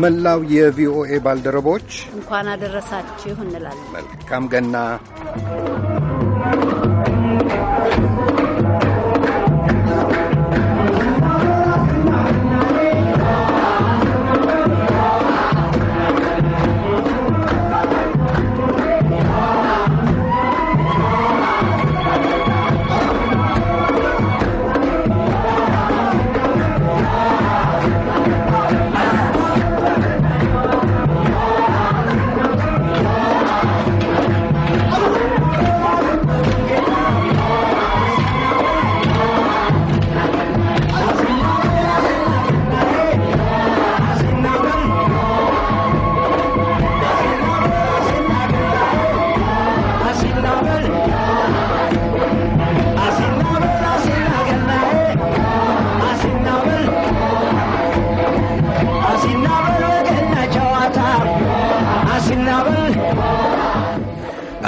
መላው የቪኦኤ ባልደረቦች እንኳን አደረሳችሁ እንላለን። መልካም ገና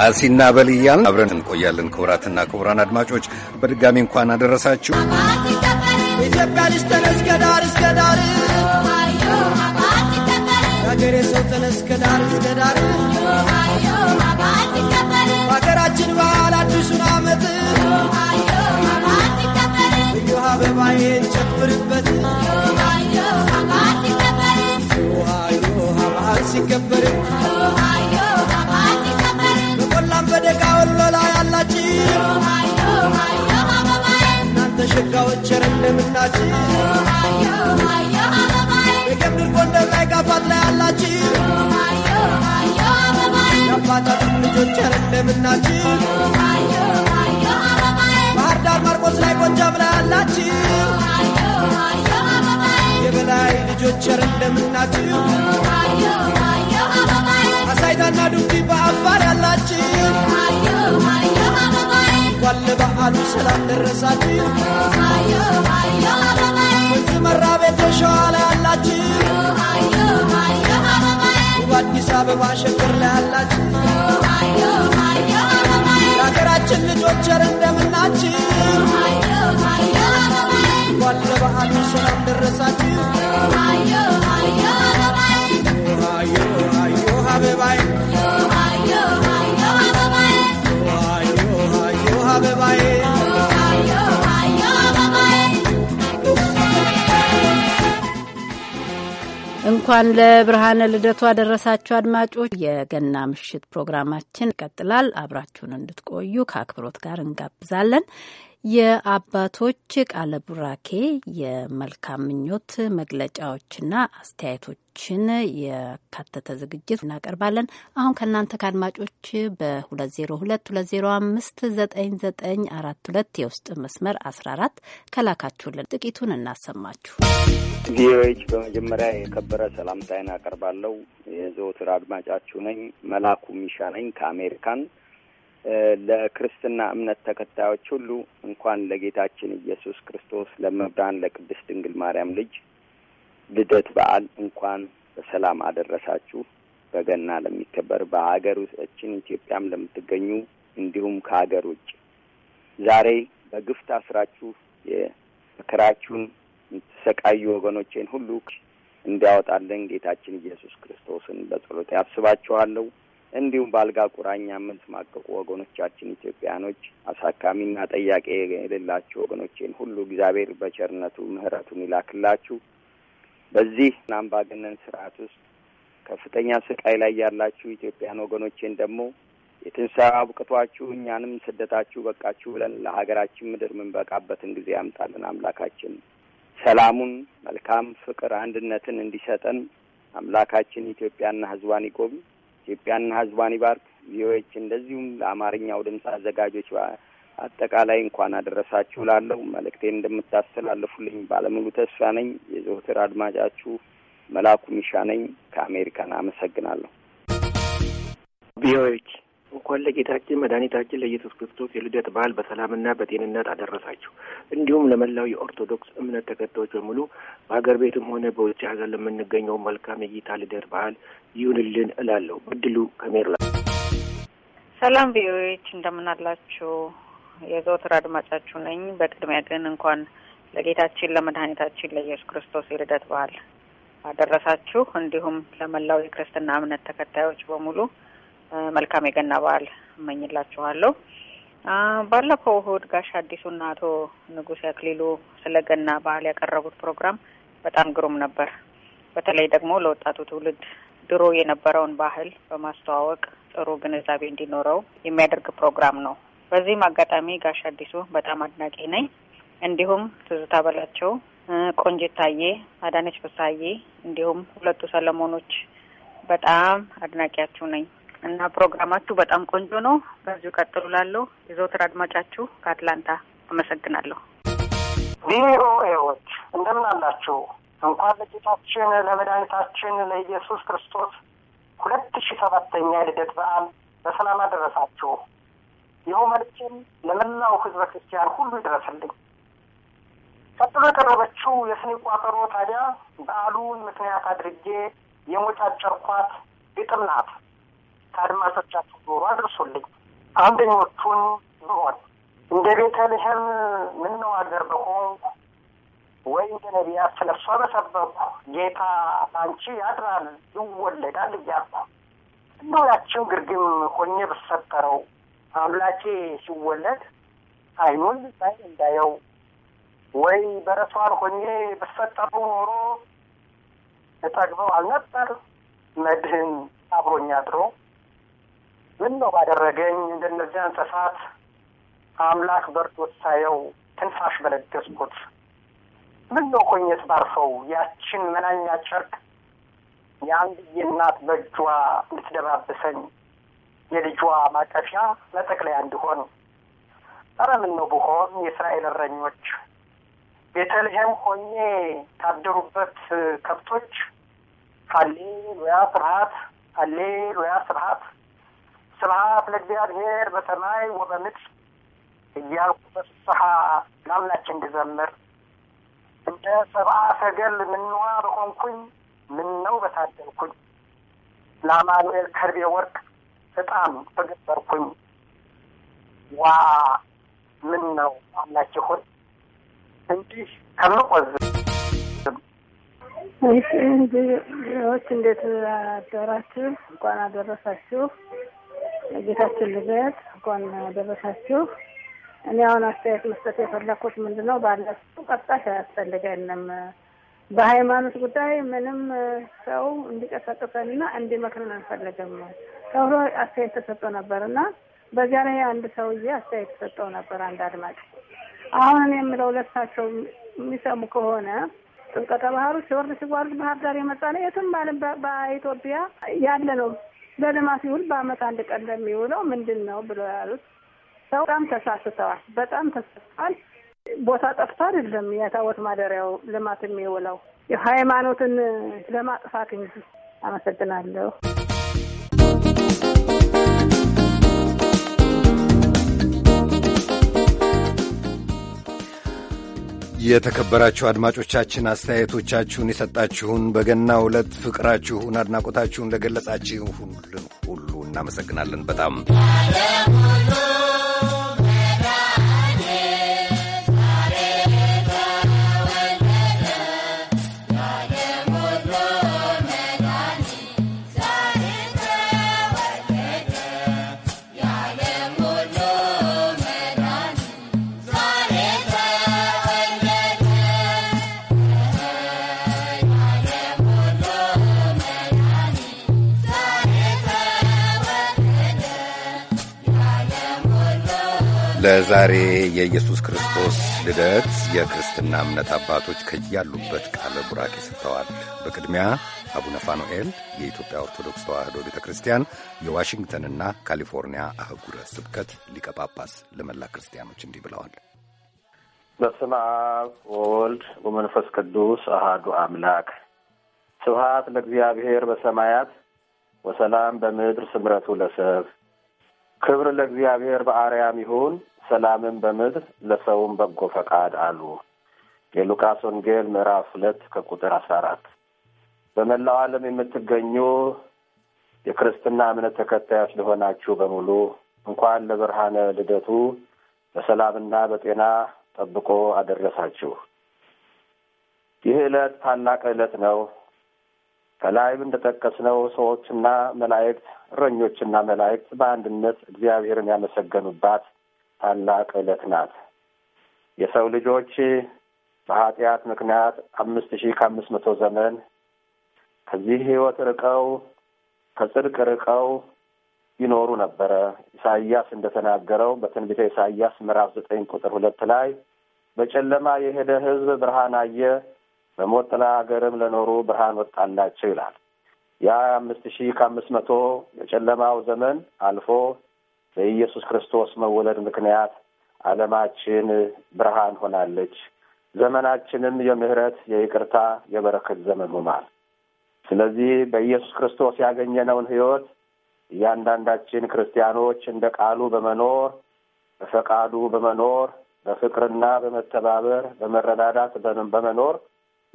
አሲና በል እያልን አብረን እንቆያለን። ክቡራትና ክቡራን አድማጮች በድጋሚ እንኳን አደረሳችሁ። ኢትዮጵያ ልጅ ሀገሬ ሰው የሀገራችን ባህል አዲሱን ዓመት እዮሃ በባዬን ጨፍርበት በዓል ሲከበር በቆላም በደጋ ወሎ ላይ ያላችሁ እናንተ ሸጋዎች ቸር እንደምናችሁ የገብድር ጎንደር ላይ ጋፋት ላይ ያላችሁ ማጫትም ልጆች አይደለም እናችሁ ባህር ዳር ማርቆስ ላይ ጎጃም ላይ አላችሁ የበላይ ልጆች አይደለም አሳይታና ዱኪ በአፋር ያላችሁ እንኳን ለበዓሉ ሰላም ደረሳችሁ። ወንዝ መራ ቤት ሸዋ ላይ አላችሁ? በአዲስ አበባ ሸገር ላይ አላችሁ የሀገራችን ልጆች ር እንደምናችሁ እንኳን ለበዓሉ ሰላም ደረሳችሁ። አበባይ አበባይ እንኳን ለብርሃነ ልደቱ አደረሳችሁ አድማጮች። የገና ምሽት ፕሮግራማችን ይቀጥላል። አብራችሁን እንድትቆዩ ከአክብሮት ጋር እንጋብዛለን። የአባቶች ቃለ ቡራኬ የመልካም ምኞት መግለጫዎችና አስተያየቶችን ያካተተ ዝግጅት እናቀርባለን። አሁን ከእናንተ ከአድማጮች በ202 9942 የውስጥ መስመር 14 ከላካችሁልን ጥቂቱን እናሰማችሁ። ቪኦኤች በመጀመሪያ የከበረ ሰላምታዬን አቀርባለሁ። የዘወትር አድማጫችሁ ነኝ። መላኩ ሚሻ ነኝ ከአሜሪካን ለክርስትና እምነት ተከታዮች ሁሉ እንኳን ለጌታችን ኢየሱስ ክርስቶስ ለመብራን ለቅድስት ድንግል ማርያም ልጅ ልደት በዓል እንኳን በሰላም አደረሳችሁ። በገና ለሚከበር በሀገር ውስጥችን ኢትዮጵያም ለምትገኙ እንዲሁም ከሀገር ውጭ ዛሬ በግፍ ታስራችሁ የመከራችሁን የምትሰቃዩ ወገኖቼን ሁሉ እንዲያወጣልን ጌታችን ኢየሱስ ክርስቶስን በጸሎት ያስባችኋለሁ። እንዲሁም በአልጋ ቁራኛ የምንስማቀቁ ወገኖቻችን ኢትዮጵያኖች አሳካሚና ጠያቄ የሌላችሁ ወገኖቼን ሁሉ እግዚአብሔር በቸርነቱ ምሕረቱን ይላክላችሁ። በዚህ አምባገነን ስርዓት ውስጥ ከፍተኛ ስቃይ ላይ ያላችሁ ኢትዮጵያን ወገኖቼን ደግሞ የትንሣኤ አብቅቷችሁ እኛንም ስደታችሁ በቃችሁ ብለን ለሀገራችን ምድር የምንበቃበትን ጊዜ ያምጣልን አምላካችን። ሰላሙን፣ መልካም ፍቅር፣ አንድነትን እንዲሰጠን አምላካችን ኢትዮጵያና ሕዝቧን ይጎብኝ። ኢትዮጵያና ሕዝቧን ይባርክ። ቪኦኤች እንደዚሁም ለአማርኛው ድምፅ አዘጋጆች አጠቃላይ እንኳን አደረሳችሁ ላለው መልእክቴን እንደምታስተላልፉልኝ ባለሙሉ ተስፋ ነኝ። የዘወትር አድማጫችሁ መላኩ ሚሻ ነኝ። ከአሜሪካን አመሰግናለሁ። ቪኦኤች እንኳን ለጌታችን መድኃኒታችን ለኢየሱስ ክርስቶስ የልደት በዓል በሰላምና በጤንነት አደረሳችሁ። እንዲሁም ለመላው የኦርቶዶክስ እምነት ተከታዮች በሙሉ በሀገር ቤትም ሆነ በውጭ ሀገር ለምንገኘው መልካም የጌታ ልደት በዓል ይሁንልን እላለሁ። በድሉ ከሜርላ ሰላም ቪኦኤዎች እንደምናላችሁ የዘወትር አድማጫችሁ ነኝ። በቅድሚያ ግን እንኳን ለጌታችን ለመድኃኒታችን ለኢየሱስ ክርስቶስ የልደት በዓል አደረሳችሁ። እንዲሁም ለመላው የክርስትና እምነት ተከታዮች በሙሉ መልካም የገና በዓል እመኝላችኋለሁ። ባለፈው እሁድ ጋሽ አዲሱና አቶ ንጉሴ አክሊሉ ስለ ገና በዓል ያቀረቡት ፕሮግራም በጣም ግሩም ነበር። በተለይ ደግሞ ለወጣቱ ትውልድ ድሮ የነበረውን ባህል በማስተዋወቅ ጥሩ ግንዛቤ እንዲኖረው የሚያደርግ ፕሮግራም ነው። በዚህም አጋጣሚ ጋሽ አዲሱ በጣም አድናቂ ነኝ። እንዲሁም ትዝታ በላቸው፣ ቆንጅት ታዬ፣ አዳነች ፍስሀዬ እንዲሁም ሁለቱ ሰለሞኖች በጣም አድናቂያችሁ ነኝ። እና ፕሮግራማችሁ በጣም ቆንጆ ነው። በዚሁ ቀጥሉ። ላለው የዘወትር አድማጫችሁ ከአትላንታ አመሰግናለሁ። ቪኦኤዎች እንደምን አላችሁ? እንኳን ለጌታችን ለመድኃኒታችን ለኢየሱስ ክርስቶስ ሁለት ሺ ሰባተኛ ልደት በዓል በሰላም አደረሳችሁ። ይኸው መልእክቴን ለመላው ህዝበ ክርስቲያን ሁሉ ይድረስልኝ። ቀጥሎ የቀረበችው የስኒ ቋጠሮ ታዲያ በዓሉን ምክንያት አድርጌ የሞጫጨርኳት ግጥም ናት። አድማጮቻችሁ ጆሮ አድርሱልኝ። አንደኞቹን ብሆን እንደ ቤተልሔም ምነው አገር በሆንኩ ወይ እንደ ነቢያት ስለ እሷ በሰበኩ ጌታ አንቺ ያድራል ይወለዳል እያልኩ እንደው ያችን ግርግም ሆኜ ብሰጠረው አምላኬ ሲወለድ አይኑን ሳይ እንዳየው ወይ በረሷን ሆኜ ብፈጠረው ኖሮ እጠግበው አልነበር መድህን አብሮኛ አድሮ ምን ነው ባደረገኝ እንደነዚያ እንስሳት አምላክ በርቶት ሳየው ትንፋሽ በለገስኩት ምን ነው ኮኘት ባርፈው ያችን መናኛ ጨርቅ የአንድዬ እናት በእጇ እንድትደባብሰኝ የልጇ ማቀፊያ መጠቅለያ እንዲሆን ኧረ ምን ነው ብሆን የእስራኤል እረኞች ቤተልሔም ሆኜ ካደሩበት ከብቶች ሃሌ ሉያ ስርሀት ሃሌ ሉያ ስርሀት ስብሐት ለእግዚአብሔር በሰማይ ወበምድር እያልኩ በፍስሐ ለአምላችን እንድዘምር እንደ ሰብአ ሰገል ምንዋ በቆንኩኝ ምነው በታደልኩኝ ለአማኑኤል ከርቤ ወርቅ ዕጣን በገበርኩኝ ዋ ምን ነው አምላችሁን እንዲህ ከምቆዝብ። እሺ እንግዲህ እንዴት አደራችሁ? እንኳን አደረሳችሁ። ጌታችን ልደት እንኳን ደረሳችሁ። እኔ አሁን አስተያየት መስጠት የፈለኩት ምንድን ነው ቀጣሽ አያስፈልገንም። በሃይማኖት ጉዳይ ምንም ሰው እንዲቀሰቅሰንና እንዲመክርን አንፈልግም። ተብሎ አስተያየት ተሰጠው ነበር እና በዚያ ላይ አንድ ሰውዬ አስተያየት ተሰጠው ነበር አንድ አድማጭ። አሁን እኔ የምለው ለሳቸው የሚሰሙ ከሆነ ጥምቀተ ባህሩ ሲወርድ ሲጓርድ ባህር ዳር የመጣ ነው የትም ባለም በኢትዮጵያ ያለ ነው ለልማት ይውል በአመት አንድ ቀን ለሚውለው ምንድን ነው ብሎ ያሉት ሰው በጣም ተሳስተዋል። በጣም ተሳስተዋል። ቦታ ጠፍቶ አይደለም የታቦት ማደሪያው ልማት የሚውለው የሃይማኖትን ለማጥፋት እንጂ። አመሰግናለሁ። የተከበራችሁ አድማጮቻችን አስተያየቶቻችሁን የሰጣችሁን በገና ዕለት ፍቅራችሁን አድናቆታችሁን ለገለጻችሁ ሁሉ እናመሰግናለን በጣም ለዛሬ የኢየሱስ ክርስቶስ ልደት የክርስትና እምነት አባቶች ከያሉበት ቃለ ቡራኬ ሰጥተዋል። በቅድሚያ አቡነ ፋኑኤል የኢትዮጵያ ኦርቶዶክስ ተዋሕዶ ቤተ ክርስቲያን የዋሽንግተንና ካሊፎርኒያ አህጉረ ስብከት ሊቀ ጳጳስ ለመላ ክርስቲያኖች እንዲህ ብለዋል። በስመ አብ ወወልድ ወመንፈስ ቅዱስ አሃዱ አምላክ ስብሐት ለእግዚአብሔር በሰማያት ወሰላም በምድር ስምረቱ ለሰብ ክብር ለእግዚአብሔር በአርያም ይሁን ሰላምን በምድር ለሰውም በጎ ፈቃድ አሉ። የሉቃስ ወንጌል ምዕራፍ ሁለት ከቁጥር አስራ አራት በመላው ዓለም የምትገኙ የክርስትና እምነት ተከታዮች ለሆናችሁ በሙሉ እንኳን ለብርሃነ ልደቱ በሰላምና በጤና ጠብቆ አደረሳችሁ። ይህ ዕለት ታላቅ ዕለት ነው። ከላይም እንደጠቀስነው ሰዎችና መላእክት፣ እረኞችና መላእክት በአንድነት እግዚአብሔርን ያመሰገኑባት ታላቅ ዕለት ናት። የሰው ልጆች በኃጢአት ምክንያት አምስት ሺህ ከአምስት መቶ ዘመን ከዚህ ሕይወት ርቀው ከጽድቅ ርቀው ይኖሩ ነበረ። ኢሳይያስ እንደተናገረው በትንቢተ ኢሳይያስ ምዕራፍ ዘጠኝ ቁጥር ሁለት ላይ በጨለማ የሄደ ሕዝብ ብርሃን አየ፣ በሞት ጥላ ሀገርም ለኖሩ ብርሃን ወጣላቸው ይላል። ያ አምስት ሺህ ከአምስት መቶ የጨለማው ዘመን አልፎ በኢየሱስ ክርስቶስ መወለድ ምክንያት ዓለማችን ብርሃን ሆናለች። ዘመናችንም የምህረት፣ የይቅርታ፣ የበረከት ዘመን ሆኗል። ስለዚህ በኢየሱስ ክርስቶስ ያገኘነውን ሕይወት እያንዳንዳችን ክርስቲያኖች እንደ ቃሉ በመኖር በፈቃዱ በመኖር በፍቅርና በመተባበር በመረዳዳት በመኖር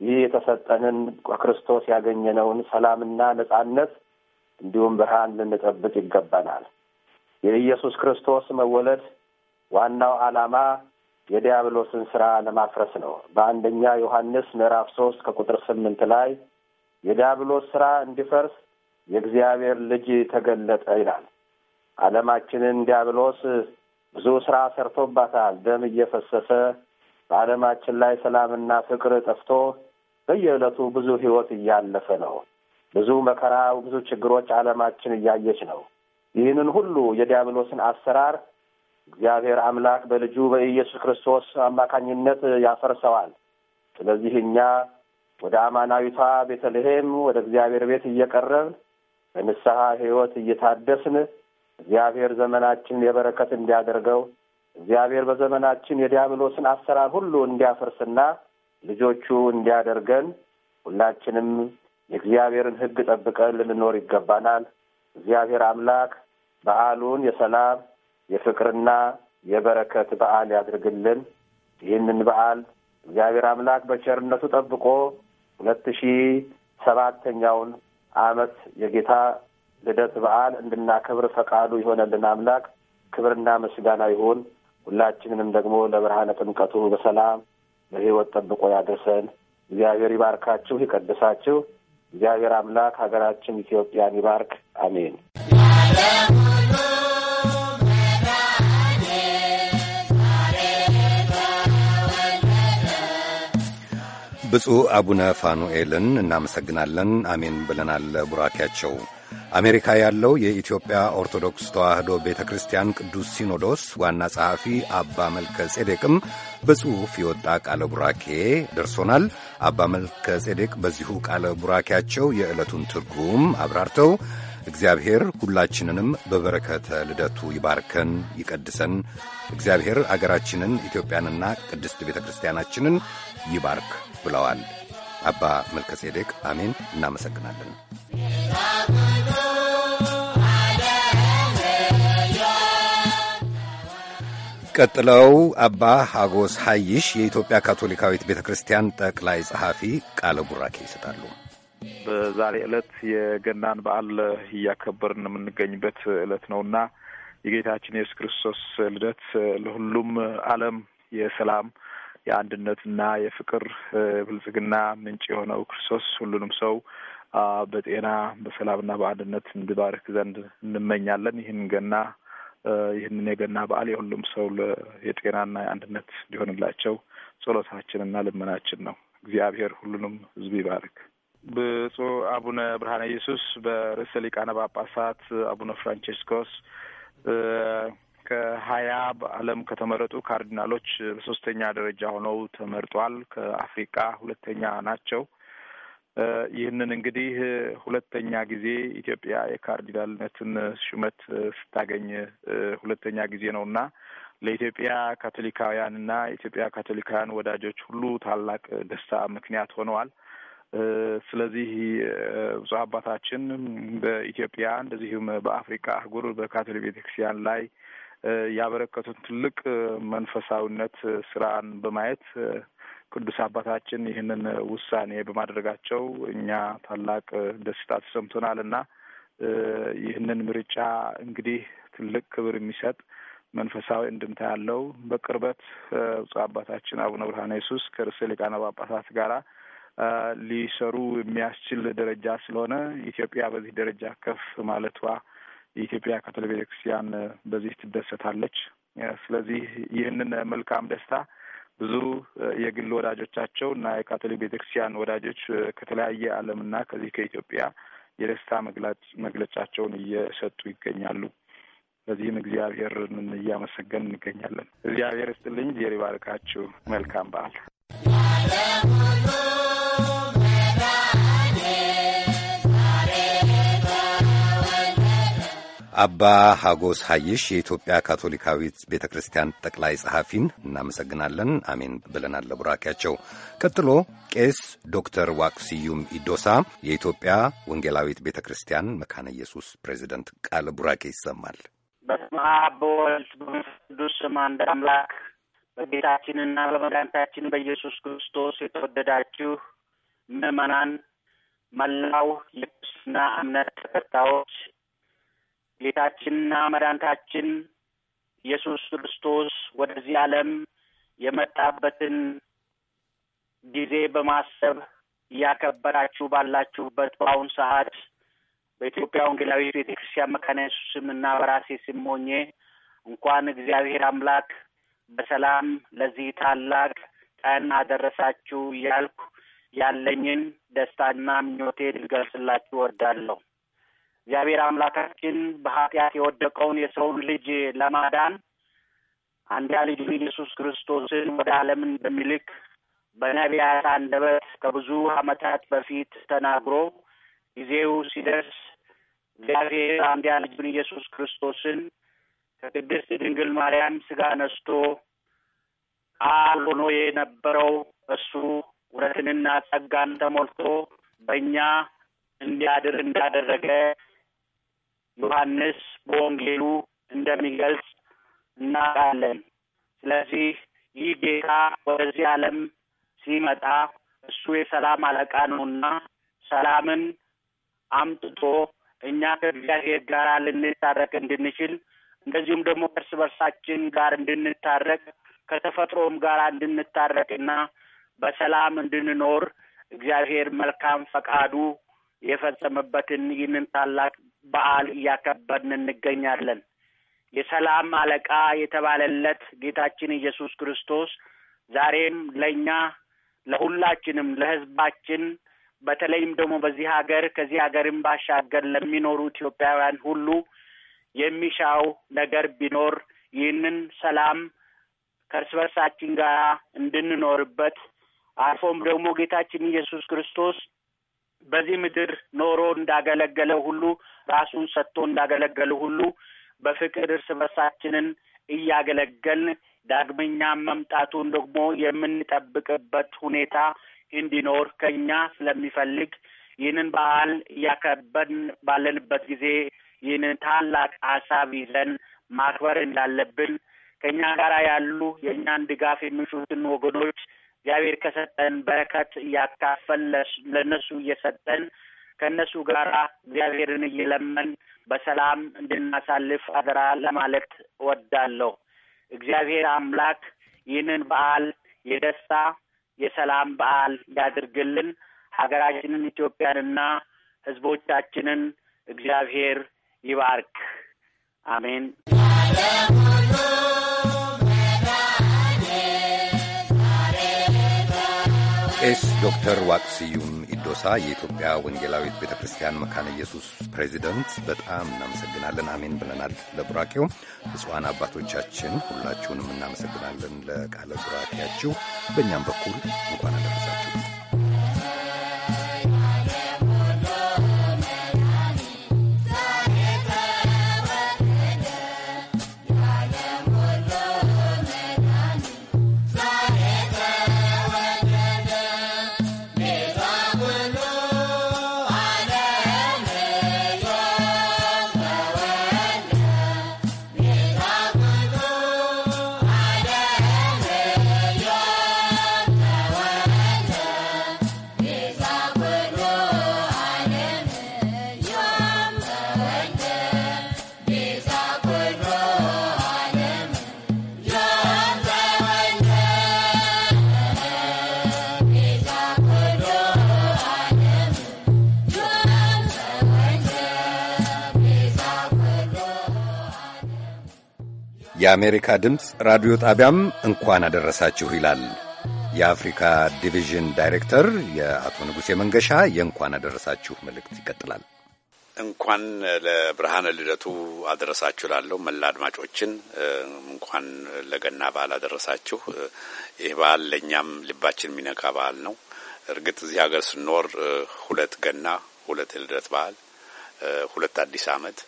ይህ የተሰጠንን ከክርስቶስ ያገኘነውን ሰላምና ነጻነት እንዲሁም ብርሃን ልንጠብቅ ይገባናል። የኢየሱስ ክርስቶስ መወለድ ዋናው ዓላማ የዲያብሎስን ስራ ለማፍረስ ነው። በአንደኛ ዮሐንስ ምዕራፍ ሶስት ከቁጥር ስምንት ላይ የዲያብሎስ ስራ እንዲፈርስ የእግዚአብሔር ልጅ ተገለጠ ይላል። ዓለማችንን ዲያብሎስ ብዙ ስራ ሰርቶባታል። ደም እየፈሰሰ በዓለማችን ላይ ሰላምና ፍቅር ጠፍቶ በየዕለቱ ብዙ ህይወት እያለፈ ነው። ብዙ መከራ፣ ብዙ ችግሮች ዓለማችን እያየች ነው። ይህንን ሁሉ የዲያብሎስን አሰራር እግዚአብሔር አምላክ በልጁ በኢየሱስ ክርስቶስ አማካኝነት ያፈርሰዋል። ስለዚህ እኛ ወደ አማናዊቷ ቤተልሔም ወደ እግዚአብሔር ቤት እየቀረብን በንስሐ ህይወት እየታደስን እግዚአብሔር ዘመናችን የበረከት እንዲያደርገው እግዚአብሔር በዘመናችን የዲያብሎስን አሰራር ሁሉ እንዲያፈርስና ልጆቹ እንዲያደርገን ሁላችንም የእግዚአብሔርን ሕግ ጠብቀን ልንኖር ይገባናል። እግዚአብሔር አምላክ በዓሉን የሰላም የፍቅርና የበረከት በዓል ያድርግልን። ይህንን በዓል እግዚአብሔር አምላክ በቸርነቱ ጠብቆ ሁለት ሺህ ሰባተኛውን ዓመት የጌታ ልደት በዓል እንድናከብር ፈቃዱ የሆነልን አምላክ ክብርና ምስጋና ይሁን። ሁላችንንም ደግሞ ለብርሃነ ጥምቀቱ በሰላም በህይወት ጠብቆ ያድርሰን። እግዚአብሔር ይባርካችሁ፣ ይቀድሳችሁ። እግዚአብሔር አምላክ ሀገራችን ኢትዮጵያን ይባርክ። አሜን። ብፁዕ አቡነ ፋኑኤልን እናመሰግናለን። አሜን ብለናል። ቡራኪያቸው አሜሪካ ያለው የኢትዮጵያ ኦርቶዶክስ ተዋሕዶ ቤተ ክርስቲያን ቅዱስ ሲኖዶስ ዋና ጸሐፊ አባ መልከ ጼዴቅም በጽሑፍ የወጣ ቃለ ቡራኬ ደርሶናል። አባ መልከ ጼዴቅ በዚሁ ቃለ ቡራኬያቸው የዕለቱን ትርጉም አብራርተው እግዚአብሔር ሁላችንንም በበረከተ ልደቱ ይባርከን ይቀድሰን፣ እግዚአብሔር አገራችንን ኢትዮጵያንና ቅድስት ቤተ ክርስቲያናችንን ይባርክ ብለዋል። አባ መልከ ጼዴቅ አሜን። እናመሰግናለን። ቀጥለው አባ ሀጎስ ሀይሽ የኢትዮጵያ ካቶሊካዊት ቤተ ክርስቲያን ጠቅላይ ጸሐፊ ቃለ ቡራኬ ይሰጣሉ። በዛሬ ዕለት የገናን በዓል እያከበርን የምንገኝበት ዕለት እና የጌታችን የሱስ ክርስቶስ ልደት ለሁሉም ዓለም የሰላም የአንድነትና የፍቅር ብልጽግና ምንጭ የሆነው ክርስቶስ ሁሉንም ሰው በጤና በሰላምና በአንድነት እንዲባርክ ዘንድ እንመኛለን። ይህን ገና ይህንን የገና በዓል የሁሉም ሰው የጤናና የአንድነት እንዲሆንላቸው ጸሎታችንና ልመናችን ነው። እግዚአብሔር ሁሉንም ሕዝብ ይባርክ። ብፁዕ አቡነ ብርሃነ ኢየሱስ በርዕሰ ሊቃነ ጳጳሳት አቡነ ፍራንቼስኮስ ከሀያ በዓለም ከተመረጡ ካርዲናሎች በሶስተኛ ደረጃ ሆነው ተመርጧል። ከአፍሪቃ ሁለተኛ ናቸው። ይህንን እንግዲህ ሁለተኛ ጊዜ ኢትዮጵያ የካርዲናልነትን ሹመት ስታገኝ ሁለተኛ ጊዜ ነው እና ለኢትዮጵያ ካቶሊካውያን እና ኢትዮጵያ ካቶሊካውያን ወዳጆች ሁሉ ታላቅ ደስታ ምክንያት ሆነዋል። ስለዚህ ብፁዕ አባታችን በኢትዮጵያ እንደዚሁም በአፍሪካ አህጉር በካቶሊክ ቤተክርስቲያን ላይ ያበረከቱን ትልቅ መንፈሳዊነት ስራን በማየት ቅዱስ አባታችን ይህንን ውሳኔ በማድረጋቸው እኛ ታላቅ ደስታ ተሰምቶናል እና ይህንን ምርጫ እንግዲህ ትልቅ ክብር የሚሰጥ መንፈሳዊ እንድምታ ያለው በቅርበት ብፁዕ አባታችን አቡነ ብርሃነ ኢየሱስ ከርዕሰ ሊቃነ ጳጳሳት ጋር ሊሰሩ የሚያስችል ደረጃ ስለሆነ ኢትዮጵያ በዚህ ደረጃ ከፍ ማለቷ የኢትዮጵያ ካቶሊክ ቤተክርስቲያን በዚህ ትደሰታለች። ስለዚህ ይህንን መልካም ደስታ ብዙ የግል ወዳጆቻቸው እና የካቶሊክ ቤተክርስቲያን ወዳጆች ከተለያየ ዓለምና ከዚህ ከኢትዮጵያ የደስታ መግለጫቸውን እየሰጡ ይገኛሉ። በዚህም እግዚአብሔርን እያመሰገን እንገኛለን። እግዚአብሔር ስጥልኝ። ዜር ይባርካችሁ። መልካም በዓል አባ ሀጎስ ሀይሽ የኢትዮጵያ ካቶሊካዊት ቤተ ክርስቲያን ጠቅላይ ጸሐፊን እናመሰግናለን። አሜን ብለናል ለቡራኪያቸው። ቀጥሎ ቄስ ዶክተር ዋቅስዩም ኢዶሳ የኢትዮጵያ ወንጌላዊት ቤተ ክርስቲያን መካነ ኢየሱስ ፕሬዚደንት ቃለ ቡራኬ ይሰማል። በስመ አብ በወልድ በመንፈስ ቅዱስ ስም አንድ አምላክ በጌታችንና በመድኃኒታችን በኢየሱስ ክርስቶስ የተወደዳችሁ ምዕመናን፣ መላው የክርስትና እምነት ተከታዮች ጌታችንና መድኃኒታችን ኢየሱስ ክርስቶስ ወደዚህ ዓለም የመጣበትን ጊዜ በማሰብ እያከበራችሁ ባላችሁበት በአሁኑ ሰዓት በኢትዮጵያ ወንጌላዊ ቤተ ክርስቲያን መካነ ኢየሱስ ስም እና በራሴ ስም ሆኜ እንኳን እግዚአብሔር አምላክ በሰላም ለዚህ ታላቅ ቀን አደረሳችሁ እያልኩ ያለኝን ደስታና ምኞቴ ልገልጽላችሁ ወዳለሁ። እግዚአብሔር አምላካችን በኃጢአት የወደቀውን የሰውን ልጅ ለማዳን አንድያ ልጁን ኢየሱስ ክርስቶስን ወደ ዓለም እንደሚልክ በነቢያት አንደበት ከብዙ ዓመታት በፊት ተናግሮ ጊዜው ሲደርስ እግዚአብሔር አንድያ ልጁን ኢየሱስ ክርስቶስን ከቅድስት ድንግል ማርያም ስጋ ነስቶ ቃል ሆኖ የነበረው እሱ እውነትንና ጸጋን ተሞልቶ በእኛ እንዲያድር እንዳደረገ ዮሐንስ በወንጌሉ እንደሚገልጽ እናውቃለን። ስለዚህ ይህ ጌታ ወደዚህ ዓለም ሲመጣ እሱ የሰላም አለቃ ነውና ሰላምን አምጥቶ እኛ ከእግዚአብሔር ጋር ልንታረቅ እንድንችል እንደዚሁም ደግሞ እርስ በርሳችን ጋር እንድንታረቅ ከተፈጥሮም ጋር እንድንታረቅና በሰላም እንድንኖር እግዚአብሔር መልካም ፈቃዱ የፈጸመበትን ይህንን ታላቅ በዓል እያከበርን እንገኛለን። የሰላም አለቃ የተባለለት ጌታችን ኢየሱስ ክርስቶስ ዛሬም ለእኛ ለሁላችንም ለሕዝባችን በተለይም ደግሞ በዚህ ሀገር ከዚህ ሀገርም ባሻገር ለሚኖሩ ኢትዮጵያውያን ሁሉ የሚሻው ነገር ቢኖር ይህንን ሰላም ከእርስ በርሳችን ጋር እንድንኖርበት አልፎም ደግሞ ጌታችን ኢየሱስ ክርስቶስ በዚህ ምድር ኖሮ እንዳገለገለ ሁሉ ራሱን ሰጥቶ እንዳገለገለ ሁሉ በፍቅር እርስ በርሳችንን እያገለገልን ዳግመኛ መምጣቱን ደግሞ የምንጠብቅበት ሁኔታ እንዲኖር ከኛ ስለሚፈልግ ይህንን በዓል እያከበን ባለንበት ጊዜ ይህንን ታላቅ ሀሳብ ይዘን ማክበር እንዳለብን ከእኛ ጋር ያሉ የእኛን ድጋፍ የሚሹትን ወገኖች እግዚአብሔር ከሰጠን በረከት እያካፈል ለእነሱ እየሰጠን ከእነሱ ጋር እግዚአብሔርን እየለመን በሰላም እንድናሳልፍ አደራ ለማለት እወዳለሁ። እግዚአብሔር አምላክ ይህንን በዓል የደስታ የሰላም በዓል ያድርግልን። ሀገራችንን ኢትዮጵያንና ሕዝቦቻችንን እግዚአብሔር ይባርክ። አሜን። ቄስ ዶክተር ዋቅስዩም ኢዶሳ የኢትዮጵያ ወንጌላዊት ቤተ ክርስቲያን መካነ ኢየሱስ ፕሬዚደንት፣ በጣም እናመሰግናለን። አሜን ብለናል ለቡራኬው። ብፁዓን አባቶቻችን ሁላችሁንም እናመሰግናለን ለቃለ ቡራኬያችሁ። በእኛም በኩል እንኳን አደረሳችሁ። የአሜሪካ ድምፅ ራዲዮ ጣቢያም እንኳን አደረሳችሁ ይላል። የአፍሪካ ዲቪዥን ዳይሬክተር የአቶ ንጉሴ መንገሻ የእንኳን አደረሳችሁ መልእክት ይቀጥላል። እንኳን ለብርሃነ ልደቱ አደረሳችሁ ላለው መላ አድማጮችን እንኳን ለገና በዓል አደረሳችሁ። ይህ በዓል ለእኛም ልባችን የሚነካ በዓል ነው። እርግጥ እዚህ ሀገር ስንኖር ሁለት ገና፣ ሁለት ልደት በዓል፣ ሁለት አዲስ ዓመት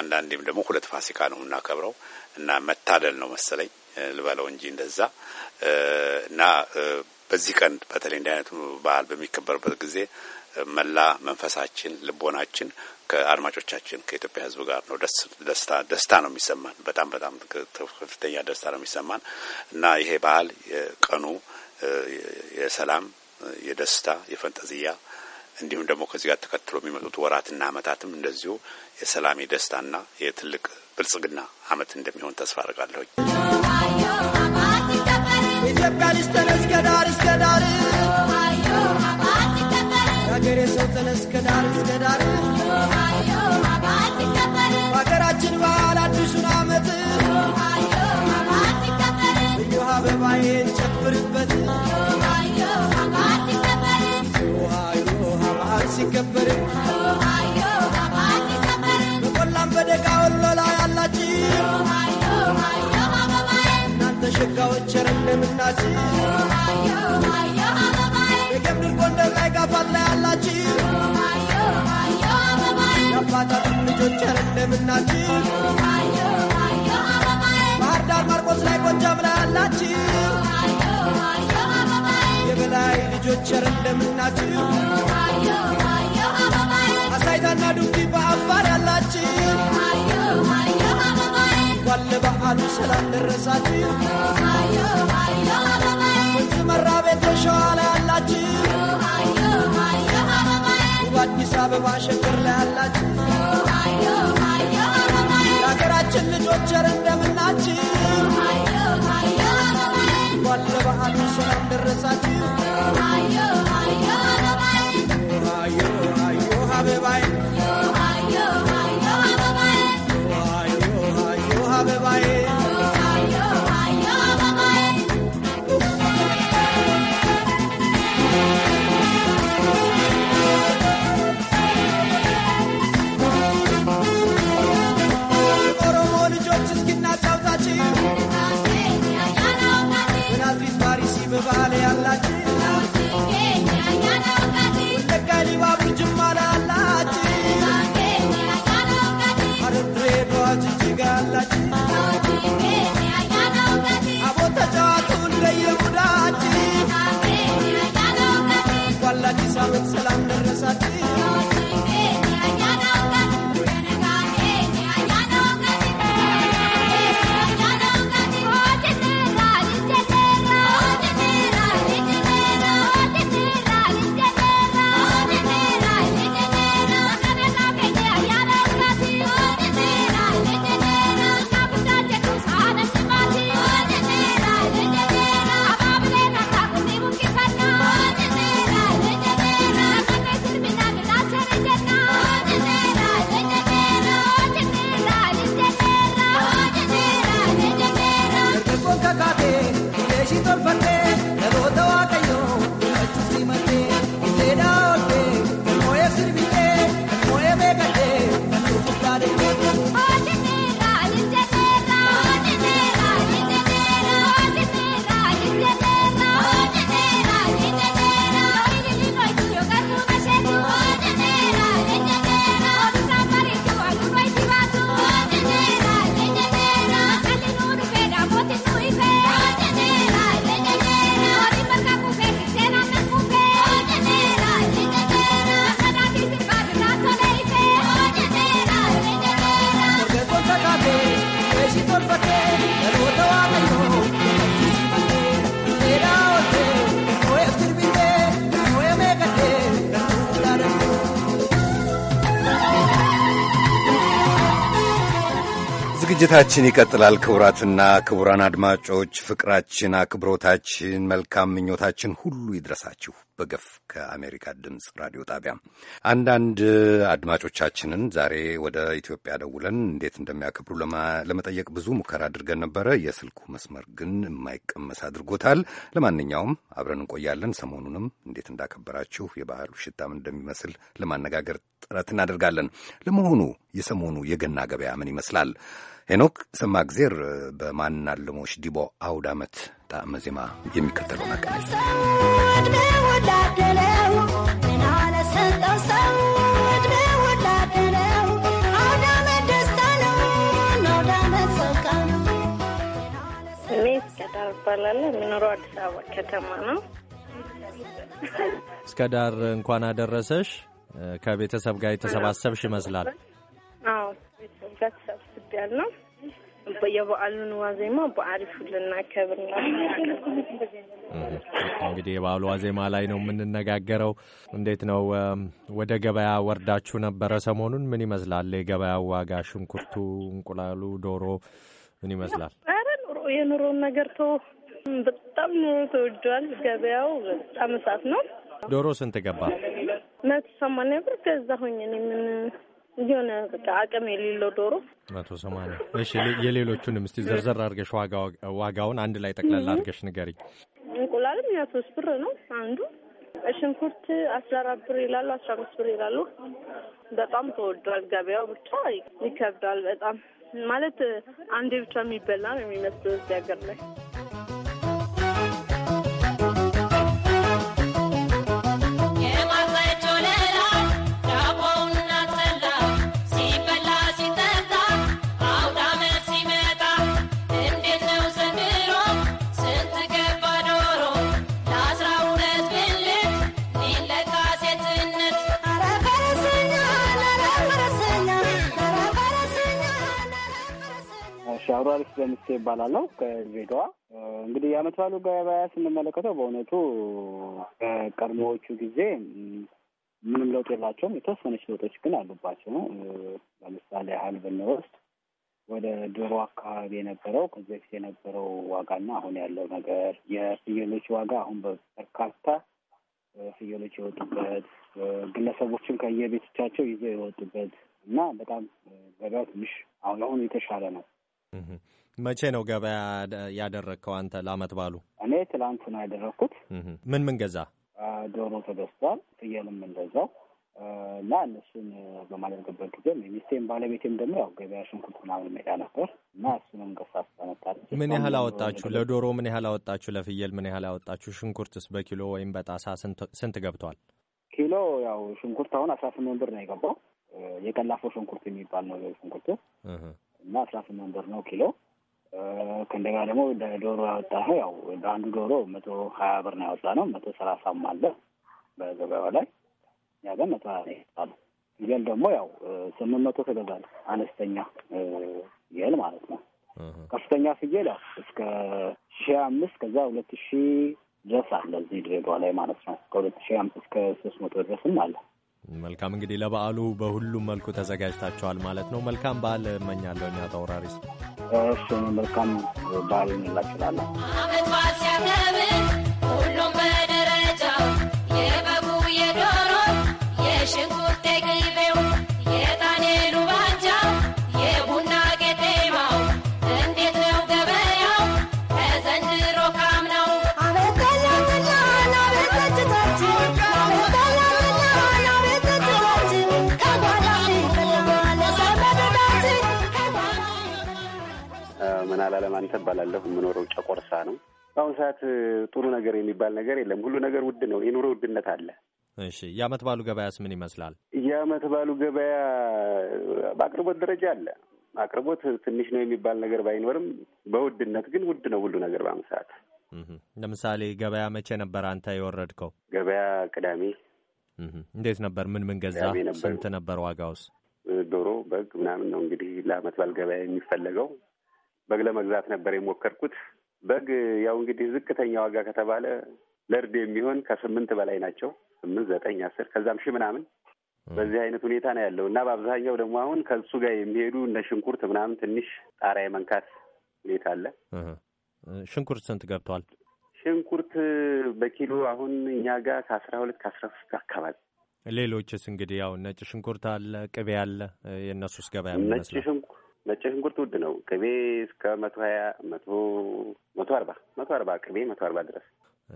አንዳንዴም ደግሞ ሁለት ፋሲካ ነው የምናከብረው እና መታደል ነው መሰለኝ ልበለው እንጂ እንደዛ እና በዚህ ቀን በተለይ እንዲህ አይነቱ በዓል በሚከበርበት ጊዜ መላ መንፈሳችን፣ ልቦናችን ከአድማጮቻችን ከኢትዮጵያ ሕዝብ ጋር ነው። ደስታ ደስታ ነው የሚሰማን በጣም በጣም ከፍተኛ ደስታ ነው የሚሰማን እና ይሄ በዓል ቀኑ የሰላም የደስታ የፈንጠዝያ እንዲሁም ደግሞ ከዚህ ጋር ተከትሎ የሚመጡት ወራትና አመታትም እንደዚሁ የሰላም የደስታና የትልቅ ብልጽግና አመት እንደሚሆን ተስፋ አድርጋለሁኝ። ሀገራችን ባህል አዲሱን አመት አበባዬን ጨፍርበት ሲከበር በቆላም በደቃ ወሎ ላይ ያላችሁ እናንተ ሸጋዎች ረንደምናች የገብድር ጎንደር ላይ ጋፋት ላይ ያላችሁ የአባታትም ልጆች ረንደምናችሁ ባህር ዳር ማርቆስ ላይ ጎጃም ላይ ያላችሁ የበላይ ልጆች ረንደምናችሁ ቃሉ ስላልደረሳችሁ እዚህ ቤት ሸዋ ላይ ያላችሁ፣ በአዲስ አበባ ሸገር ላይ ያላችሁ የሀገራችን ልጆች ር እንደምናችሁ ዋለ በዓሉ ስላልደረሳችሁ ዝግጅታችን ይቀጥላል። ክቡራትና ክቡራን አድማጮች ፍቅራችን፣ አክብሮታችን፣ መልካም ምኞታችን ሁሉ ይድረሳችሁ በገፍ ከአሜሪካ ድምፅ ራዲዮ ጣቢያ። አንዳንድ አድማጮቻችንን ዛሬ ወደ ኢትዮጵያ ደውለን እንዴት እንደሚያከብሩ ለመጠየቅ ብዙ ሙከራ አድርገን ነበረ። የስልኩ መስመር ግን የማይቀመስ አድርጎታል። ለማንኛውም አብረን እንቆያለን። ሰሞኑንም እንዴት እንዳከበራችሁ የባህሉ ሽታም እንደሚመስል ለማነጋገር ጥረት እናደርጋለን። ለመሆኑ የሰሞኑ የገና ገበያ ምን ይመስላል? ሄኖክ ሰማእግዜር በማናለሞሽ ዲቦ አውድ ዓመት ጣዕመ ዜማ የሚከተለው ናቀናል እኔ የምኖረው አዲስ አበባ ከተማ ነው። እስከ ዳር እንኳን አደረሰሽ። ከቤተሰብ ጋር የተሰባሰብሽ ይመስላል። አዎ ቤተሰብ ጋር ተሰብስቤያለሁ። የበዓሉን ዋዜማ በአሪፉ ልናከብር ነው። እንግዲህ የበዓሉ ዋዜማ ላይ ነው የምንነጋገረው። እንዴት ነው ወደ ገበያ ወርዳችሁ ነበረ ሰሞኑን? ምን ይመስላል የገበያው ዋጋ? ሽንኩርቱ፣ እንቁላሉ፣ ዶሮ ምን ይመስላል? ኧረ ኑሮ የኑሮን ነገር ቶ በጣም ኑሮ ተወዷል። ገበያው በጣም እሳት ነው። ዶሮ ስንት ገባ? መቶ ሰማንያ ብር ገዛሁኝ እኔ ምን የሆነ በቃ አቅም የሌለው ዶሮ መቶ ሰማንያ እሺ። የሌሎቹንም እስቲ ዘርዘር አድርገሽ ዋጋውን አንድ ላይ ጠቅላላ አድርገሽ ንገሪ እንቁላልም ያ ሶስት ብር ነው አንዱ። ሽንኩርት አስራ አራት ብር ይላሉ፣ አስራ አምስት ብር ይላሉ። በጣም ተወዷል ገበያው። ብቻ ይከብዳል በጣም ማለት አንዴ ብቻ የሚበላ ነው የሚመስለው እዚህ ሀገር ላይ አውራሪስ በምስቴ ይባላለው ከዜጋዋ እንግዲህ የዓመት በዓሉ ገበያ ስንመለከተው በእውነቱ ቀድሞዎቹ ጊዜ ምንም ለውጥ የላቸውም። የተወሰነች ለውጦች ግን አሉባቸው። ለምሳሌ ያህል ብንወስድ ወደ ድሮ አካባቢ የነበረው ከዚህ በፊት የነበረው ዋጋና አሁን ያለው ነገር የፍየሎች ዋጋ አሁን በርካታ ፍየሎች የወጡበት ግለሰቦችን ከየቤቶቻቸው ይዘው የወጡበት እና በጣም ገበያው ትንሽ አሁን አሁን የተሻለ ነው። መቼ ነው ገበያ ያደረግከው አንተ ለአመት ባሉ? እኔ ትላንት ነው ያደረግኩት። ምን ምን ገዛ? ዶሮ ተገዝቷል፣ ፍየልም እንደዛው እና እነሱን በማደርግበት ጊዜ ሚስቴም ባለቤቴም ደግሞ ያው ገበያ ሽንኩርት ምናምን ሜዳ ነበር እና እሱንም ገፋፍ ተመታለች። ምን ያህል አወጣችሁ? ለዶሮ ምን ያህል አወጣችሁ? ለፍየል ምን ያህል አወጣችሁ? ሽንኩርትስ በኪሎ ወይም በጣሳ ስንት ገብቷል? ኪሎ ያው ሽንኩርት አሁን አስራ ስምንት ብር ነው የገባው። የቀላፈው ሽንኩርት የሚባል ነው ሽንኩርት እና አስራ ስምንት ብር ነው ኪሎ። ከእንደገና ደግሞ ዶሮ ያወጣ ነው ያው አንዱ ዶሮ መቶ ሀያ ብር ነው ያወጣ ነው። መቶ ሰላሳም አለ በገበያው ላይ እኛ ጋር መቶ ሀያ ነው ይወጣሉ። ፍየል ደግሞ ያው ስምንት መቶ ተገዛል። አነስተኛ ፍየል ማለት ነው። ከፍተኛ ፍየል ያው እስከ ሺ አምስት ከዛ ሁለት ሺ ድረስ አለ እዚህ ድሬዳዋ ላይ ማለት ነው። ከሁለት ሺ አምስት እስከ ሶስት መቶ ድረስም አለ መልካም እንግዲህ ለበዓሉ በሁሉም መልኩ ተዘጋጅታችኋል ማለት ነው። መልካም በዓል እመኛለሁ። እኛ ተወራሪስ እሱ መልካም በዓል እንላችኋለን። ሁሉም በደረጃው የበጉ የዶሮ የሽንኩ ተመስገን አላለም እባላለሁ። የምኖረው ጨቆርሳ ነው። በአሁኑ ሰዓት ጥሩ ነገር የሚባል ነገር የለም። ሁሉ ነገር ውድ ነው። የኑሮ ውድነት አለ። እሺ፣ የአመት ባሉ ገበያስ ምን ይመስላል? የአመት ባሉ ገበያ በአቅርቦት ደረጃ አለ። አቅርቦት ትንሽ ነው የሚባል ነገር ባይኖርም በውድነት ግን ውድ ነው ሁሉ ነገር በአሁኑ ሰዓት። ለምሳሌ ገበያ መቼ ነበር አንተ የወረድከው? ገበያ ቅዳሜ። እንዴት ነበር? ምን ምን ገዛ? ስንት ነበር ዋጋውስ? ዶሮ፣ በግ ምናምን ነው እንግዲህ ለአመት ባል ገበያ የሚፈለገው። በግ ለመግዛት ነበር የሞከርኩት። በግ ያው እንግዲህ ዝቅተኛ ዋጋ ከተባለ ለእርድ የሚሆን ከስምንት በላይ ናቸው። ስምንት ዘጠኝ፣ አስር ከዛም ሺህ ምናምን በዚህ አይነት ሁኔታ ነው ያለው እና በአብዛኛው ደግሞ አሁን ከሱ ጋር የሚሄዱ እነ ሽንኩርት ምናምን ትንሽ ጣራ የመንካት ሁኔታ አለ። ሽንኩርት ስንት ገብተዋል? ሽንኩርት በኪሎ አሁን እኛ ጋር ከአስራ ሁለት ከአስራ ሶስት አካባቢ ሌሎችስ እንግዲህ ያው ነጭ ሽንኩርት አለ፣ ቅቤ አለ። የእነሱስ ገበያ ነጭ ሽንኩርት ነጭ ሽንኩርት ውድ ነው። ቅቤ እስከ መቶ ሀያ መቶ መቶ አርባ መቶ አርባ ቅቤ መቶ አርባ ድረስ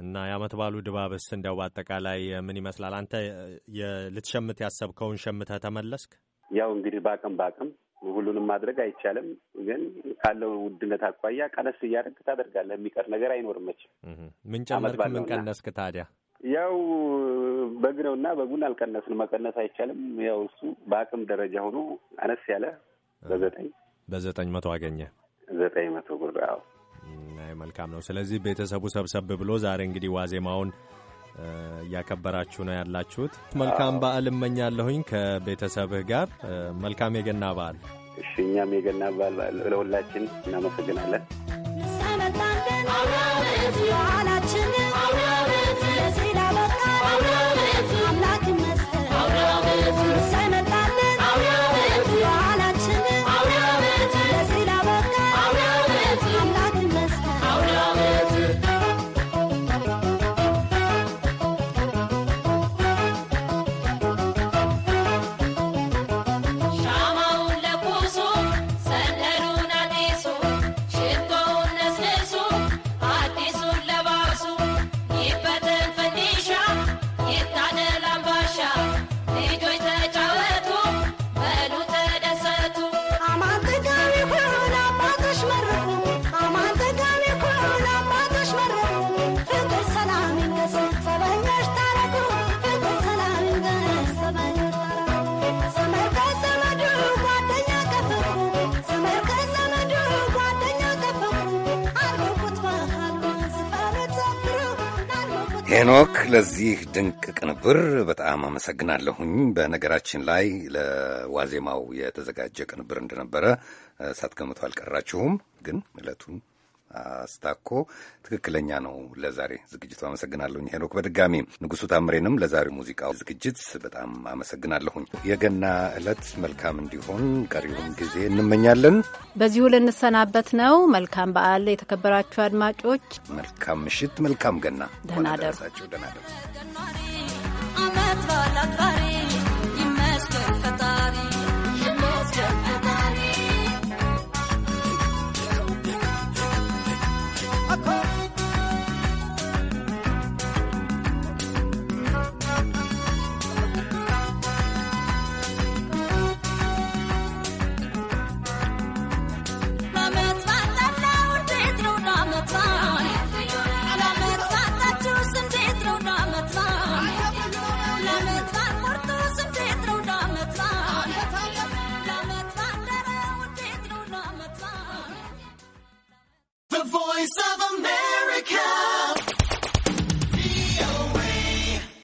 እና የአመት ባሉ ድባብስ እንዲያው በአጠቃላይ ምን ይመስላል? አንተ ልትሸምት ያሰብከውን ሸምተህ ተመለስክ? ያው እንግዲህ በአቅም በአቅም ሁሉንም ማድረግ አይቻልም፣ ግን ካለው ውድነት አኳያ ቀነስ እያደረግ ታደርጋለህ። የሚቀር ነገር አይኖርም። መች ምን ጨመርክ ምን ቀነስክ ታዲያ? ያው በግ ነውና በጉን አልቀነስን፣ መቀነስ አይቻልም። ያው እሱ በአቅም ደረጃ ሆኖ አነስ ያለ በዘጠኝ በዘጠኝ መቶ አገኘ ዘጠኝ መቶ ብር። አዎ መልካም ነው። ስለዚህ ቤተሰቡ ሰብሰብ ብሎ ዛሬ እንግዲህ ዋዜማውን እያከበራችሁ ነው ያላችሁት። መልካም በዓል እመኛለሁኝ ከቤተሰብህ ጋር መልካም የገና በዓል። እሺ እኛም የገና በዓል ለሁላችን እናመሰግናለን። ሄኖክ ለዚህ ድንቅ ቅንብር በጣም አመሰግናለሁኝ። በነገራችን ላይ ለዋዜማው የተዘጋጀ ቅንብር እንደነበረ ሳትገምቱ አልቀራችሁም፣ ግን ዕለቱን አስታኮ ትክክለኛ ነው። ለዛሬ ዝግጅቱ አመሰግናለሁኝ ሄኖክ። በድጋሚ ንጉሱ ታምሬንም ለዛሬ ሙዚቃ ዝግጅት በጣም አመሰግናለሁኝ። የገና ዕለት መልካም እንዲሆን ቀሪውን ጊዜ እንመኛለን። በዚሁ ልንሰናበት ነው። መልካም በዓል የተከበራችሁ አድማጮች፣ መልካም ምሽት፣ መልካም ገና። ደህና ደሩ። ደህና ደሩ።